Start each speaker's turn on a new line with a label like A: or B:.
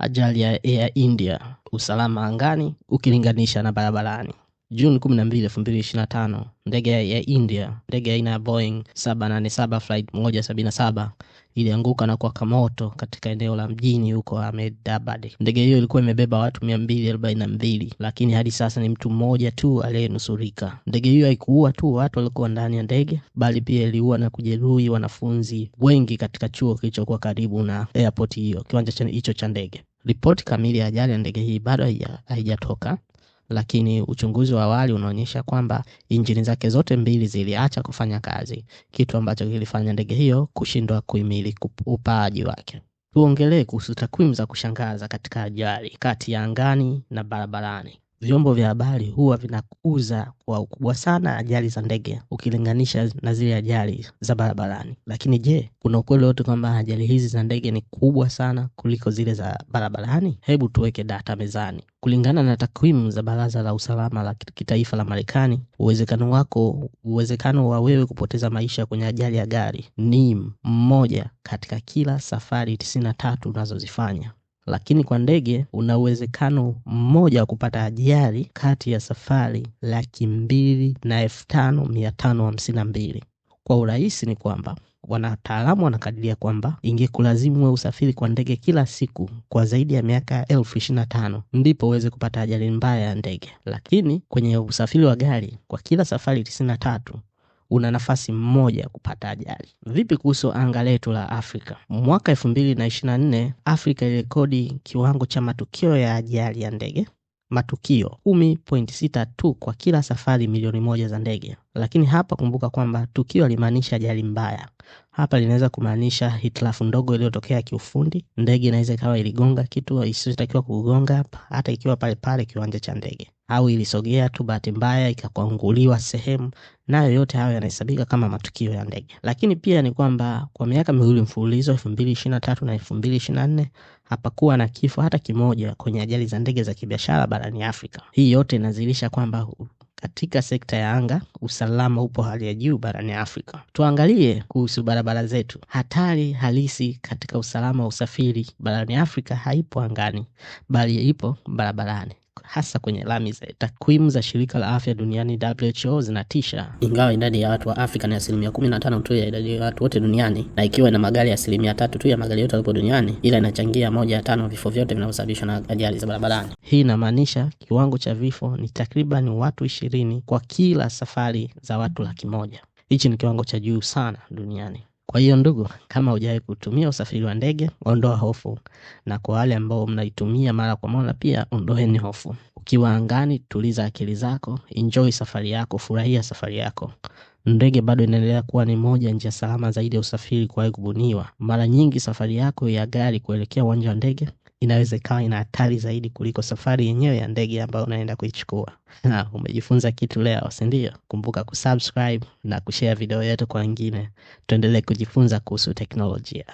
A: ajali ya Air India, usalama angani ukilinganisha na barabarani. Juni 12, ndege ya India, ndege aina ya Boeing 787 flight 177 ilianguka na kuwaka moto katika eneo la mjini huko Ahmedabad. Ndege hiyo ilikuwa imebeba watu 242, lakini hadi sasa ni mtu mmoja tu aliyenusurika. Ndege hiyo haikuua tu watu waliokuwa ndani ya ndege, bali pia iliua na kujeruhi wanafunzi wengi katika chuo kilichokuwa karibu na airport hiyo, kiwanja hicho cha ndege. Ripoti kamili ya ajali ya ndege hii bado haijatoka, lakini uchunguzi wa awali unaonyesha kwamba injini zake zote mbili ziliacha kufanya kazi, kitu ambacho kilifanya ndege hiyo kushindwa kuhimili upaaji wake. Tuongelee kuhusu takwimu za kushangaza katika ajali kati ya angani na barabarani vyombo vya habari huwa vinakuza kwa ukubwa sana ajali za ndege ukilinganisha na zile ajali za barabarani. Lakini je, kuna ukweli wote kwamba ajali hizi za ndege ni kubwa sana kuliko zile za barabarani? Hebu tuweke data mezani. Kulingana na takwimu za Baraza la Usalama la Kitaifa la Marekani, uwezekano wako uwezekano wa wewe kupoteza maisha kwenye ajali ya gari ni mmoja katika kila safari tatu unazozifanya lakini kwa ndege una uwezekano mmoja wa kupata ajali kati ya safari laki mbili na elfu tano mia tano hamsini na mbili. Kwa urahisi ni kwamba wanataalamu wanakadiria kwamba ingekulazimu we usafiri kwa ndege kila siku kwa zaidi ya miaka elfu ishirini na tano ndipo uweze kupata ajali mbaya ya ndege, lakini kwenye usafiri wa gari kwa kila safari tisini na tatu una nafasi mmoja kupata ajali. Vipi kuhusu anga letu la Afrika? Mwaka nne Afrika ilirekodi kiwango cha matukio ya ajali ya ndege matukio 10.6 tu kwa kila safari milioni moja za ndege. Lakini hapa kumbuka kwamba tukio alimaanisha ajali mbaya. Hapa linaweza kumaanisha hitilafu ndogo iliyotokea kiufundi. Ndege inaweza ikawa iligonga kitu isiotakiwa kugonga, hata ikiwa pale pale kiwanja cha ndege au ilisogea tu bahati mbaya ikakwanguliwa sehemu, nayo yote hayo yanahesabika kama matukio ya ndege. Lakini pia ni kwamba kwa miaka miwili mfululizo elfu mbili ishiri na tatu na elfu mbili ishiri na nne hapakuwa na kifo hata kimoja kwenye ajali za ndege za kibiashara barani Afrika. Hii yote inazilisha kwamba katika sekta ya anga usalama upo hali ya juu barani Afrika. Tuangalie kuhusu barabara zetu. Hatari halisi katika usalama wa usafiri barani Afrika haipo angani, bali ipo barabarani hasa kwenye lami za Takwimu za shirika la afya duniani WHO zinatisha,
B: ingawa idadi ya watu wa Afrika ni asilimia kumi na tano tu ya idadi ya watu wote duniani, na ikiwa ina magari asilimia tatu tu ya magari yote yalipo duniani, ila inachangia moja ya tano vifo vyote vinavyosababishwa na ajali za barabarani.
A: Hii inamaanisha kiwango cha vifo ni takriban watu ishirini kwa kila safari za watu laki moja. Hichi ni kiwango cha juu sana duniani. Kwa hiyo ndugu, kama hujawahi kutumia usafiri wa ndege, ondoa hofu, na kwa wale ambao mnaitumia mara kwa mara, pia ondoeni hofu. Ukiwa angani, tuliza akili zako, enjoy safari yako, furahia safari yako. Ndege bado inaendelea kuwa ni moja njia salama zaidi ya usafiri kuwahi kubuniwa. Mara nyingi safari yako ya gari kuelekea uwanja wa ndege inaweza ikawa ina hatari zaidi kuliko safari yenyewe ya ndege ambayo unaenda kuichukua. Na umejifunza kitu leo, si ndio? Kumbuka kusubscribe na kushare video yetu kwa wengine, tuendelee kujifunza kuhusu teknolojia.